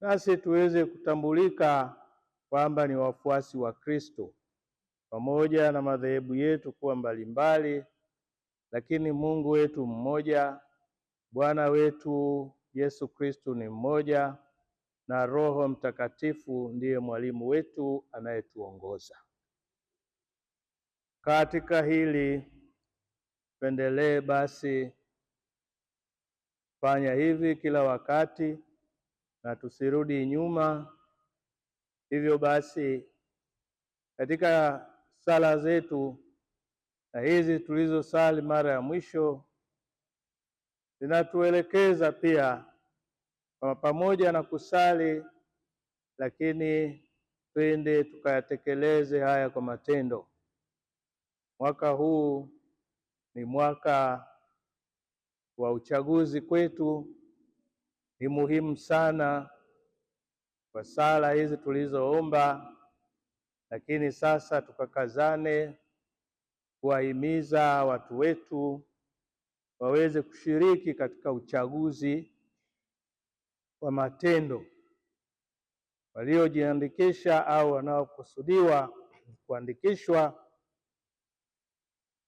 nasi tuweze kutambulika kwamba ni wafuasi wa Kristo pamoja na madhehebu yetu kuwa mbalimbali, lakini Mungu wetu mmoja, Bwana wetu Yesu Kristo ni mmoja, na Roho Mtakatifu ndiye mwalimu wetu anayetuongoza katika hili. Pendelee basi fanya hivi kila wakati na tusirudi nyuma. Hivyo basi katika sala zetu na hizi tulizosali mara ya mwisho zinatuelekeza pia kwa pamoja na kusali, lakini twende tukayatekeleze haya kwa matendo. Mwaka huu ni mwaka wa uchaguzi kwetu, ni muhimu sana kwa sala hizi tulizoomba, lakini sasa tukakazane kuwahimiza watu wetu waweze kushiriki katika uchaguzi wa matendo, waliojiandikisha au wanaokusudiwa kuandikishwa.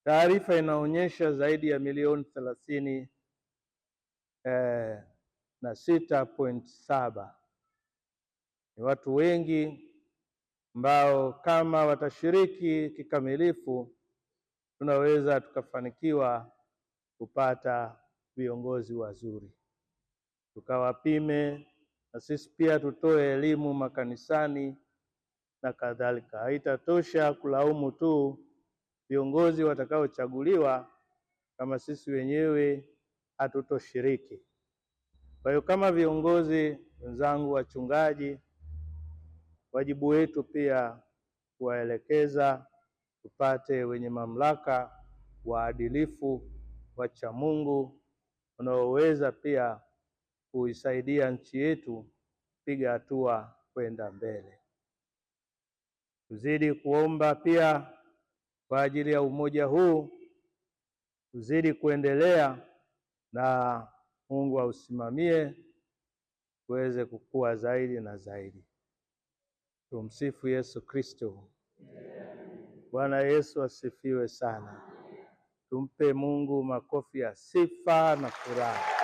Taarifa inaonyesha zaidi ya milioni thelathini eh, na sita point saba. Ni watu wengi ambao kama watashiriki kikamilifu, tunaweza tukafanikiwa kupata viongozi wazuri. Tukawapime na sisi pia tutoe elimu makanisani na kadhalika. Haitatosha kulaumu tu viongozi watakaochaguliwa kama sisi wenyewe hatutoshiriki. Kwa hiyo kama viongozi wenzangu, wachungaji, wajibu wetu pia kuwaelekeza tupate wenye mamlaka waadilifu, wacha Mungu, wanaoweza pia kuisaidia nchi yetu piga hatua kwenda mbele. Tuzidi kuomba pia kwa ajili ya umoja huu, tuzidi kuendelea na Mungu ausimamie uweze kukua zaidi na zaidi. Tumsifu Yesu Kristo. Bwana Yesu asifiwe sana. Tumpe Mungu makofi ya sifa na furaha.